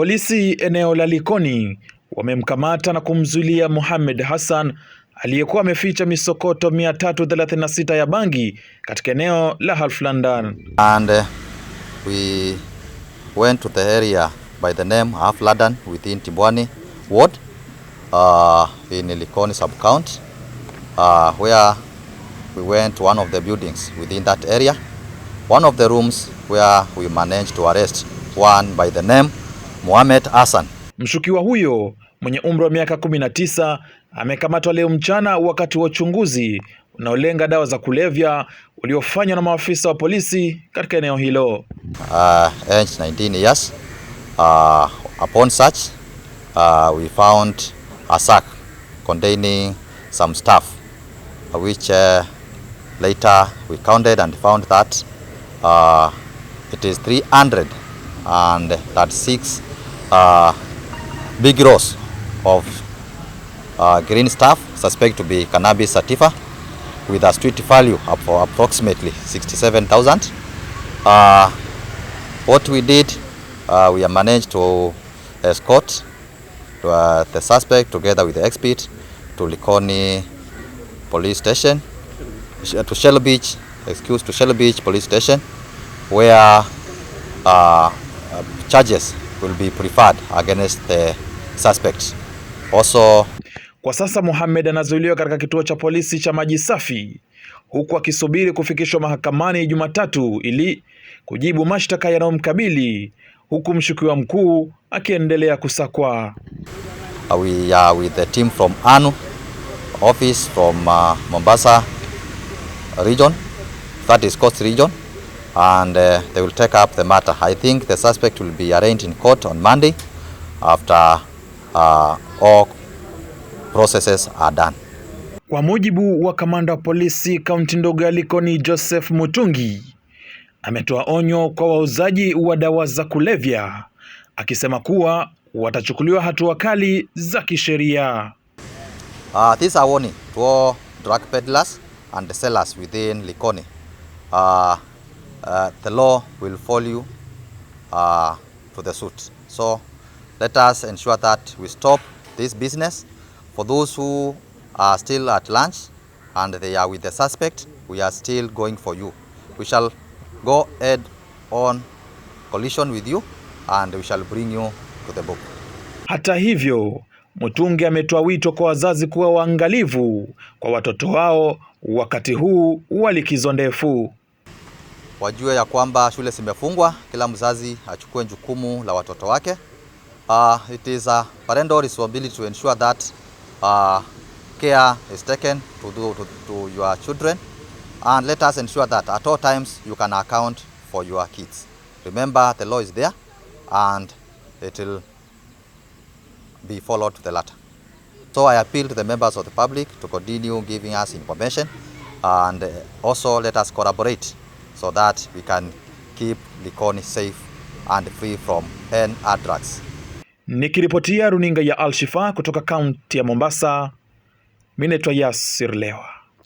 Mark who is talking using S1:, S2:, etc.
S1: Polisi eneo la Likoni wamemkamata na kumzuilia Mohamed Hassan aliyekuwa ameficha misokoto 336 ya bangi katika eneo la Half London.
S2: And uh, we went to the area by the name Half London within tibwani ward uh, in Likoni sub county uh, where we went to one of the buildings within that area one of the rooms where we managed to arrest one by the name Mohamed Hassan.
S1: Mshukiwa huyo mwenye umri wa miaka 19 amekamatwa leo mchana wakati wa uchunguzi unaolenga dawa za kulevya uliofanywa na maafisa wa polisi katika eneo hilo.
S2: Uh, 19 years. Uh, upon search, uh, we found a sack containing some stuff which uh, later we counted and found that uh, it is six uh, big rows of uh, green stuff suspect to be cannabis sativa with a street value up approximately 67,000. Uh, what we did, uh, we managed to escort to, uh, the suspect together with the expert to Likoni police station, to Shell Beach, excuse to Shell Beach police station, where uh, uh charges will be preferred against the suspects. Also...
S1: Kwa sasa Mohamed anazuiliwa katika kituo cha polisi cha maji safi huku akisubiri kufikishwa mahakamani Jumatatu ili kujibu mashtaka yanayomkabili huku mshukiwa mkuu akiendelea kusakwa.
S2: Uh, we are with the team from ANU office from uh, Mombasa region that is Coast region and uh, they will take up the matter. I think the suspect will be arraigned in court on Monday after uh, all processes are done.
S1: Kwa mujibu wa kamanda wa polisi kaunti ndogo ya Likoni Joseph Mutungi ametoa onyo kwa wauzaji wa dawa za kulevya akisema kuwa watachukuliwa hatua kali za kisheria.
S2: Uh, this a warning to all drug peddlers and sellers within Likoni. Uh, uh, the law will follow you uh, to the suit. So let us ensure that we stop this business. For those who are still at lunch and they are with the suspect, we are still going for you. We shall go head on collision with you and we shall bring you to the book.
S1: Hata hivyo, Mutungi ametoa wito kwa wazazi kuwa waangalivu kwa watoto wao wakati huu wa likizo ndefu
S2: wajue ya kwamba shule zimefungwa, kila mzazi achukue jukumu la watoto wake. Uh, it is a parental responsibility to ensure that uh, care is taken to, do, to, to your children and let us ensure that at all times you can account for your kids. Remember the law is there and it will be followed to the letter. So I appeal to the members of the public to continue giving us information and also let us collaborate so that we can keep the corn safe and free from any drugs.
S1: Nikiripotia runinga ya alshifa kutoka kaunti ya Mombasa, mimi naitwa Yasir Lewa.